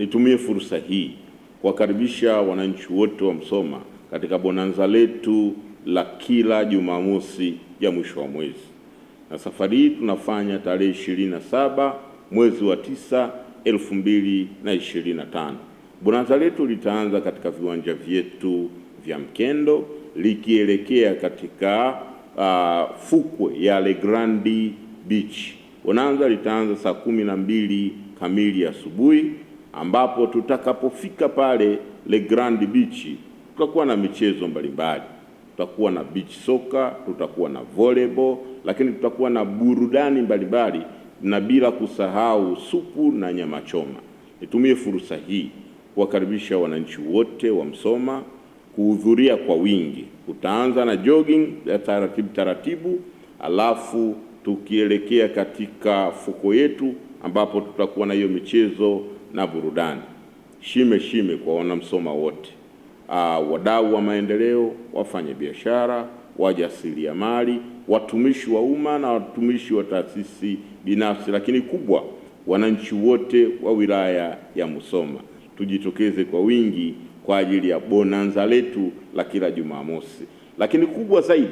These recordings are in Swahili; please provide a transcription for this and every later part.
Nitumie fursa hii kuwakaribisha wananchi wote wa Msoma katika bonanza letu la kila Jumamosi ya mwisho wa mwezi, na safari hii tunafanya tarehe ishirini na saba mwezi wa tisa elfu mbili na ishirini na tano. Bonanza letu litaanza katika viwanja vyetu vya Mkendo likielekea katika uh, fukwe ya Le Grandi Beach. Bonanza litaanza saa kumi na mbili kamili asubuhi ambapo tutakapofika pale Le Grand Beach tutakuwa na michezo mbalimbali, tutakuwa na beach soka, tutakuwa na volleyball, lakini tutakuwa na burudani mbalimbali na bila kusahau supu na nyama choma. Nitumie fursa hii kuwakaribisha wananchi wote wa Msoma kuhudhuria kwa wingi. Tutaanza na jogging ya taratibu taratibu, alafu tukielekea katika fuko yetu ambapo tutakuwa na hiyo michezo na burudani. Shime shime kwa wanamsoma wote, ah, wadau wa maendeleo, wafanya biashara, wajasiriamali, watumishi wa umma na watumishi wa taasisi binafsi, lakini kubwa, wananchi wote wa wilaya ya Musoma tujitokeze kwa wingi kwa ajili ya bonanza letu la kila Jumamosi. Lakini kubwa zaidi,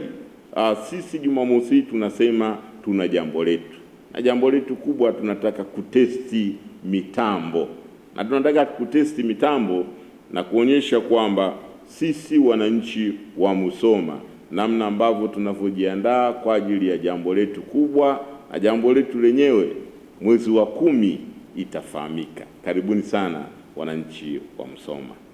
aa, ah, sisi Jumamosi tunasema tuna jambo letu, na jambo letu kubwa tunataka kutesti mitambo, na tunataka kutesti mitambo na kuonyesha kwamba sisi wananchi wa Musoma namna ambavyo tunavyojiandaa kwa ajili ya jambo letu kubwa na jambo letu lenyewe mwezi wa kumi itafahamika. Karibuni sana wananchi wa Musoma.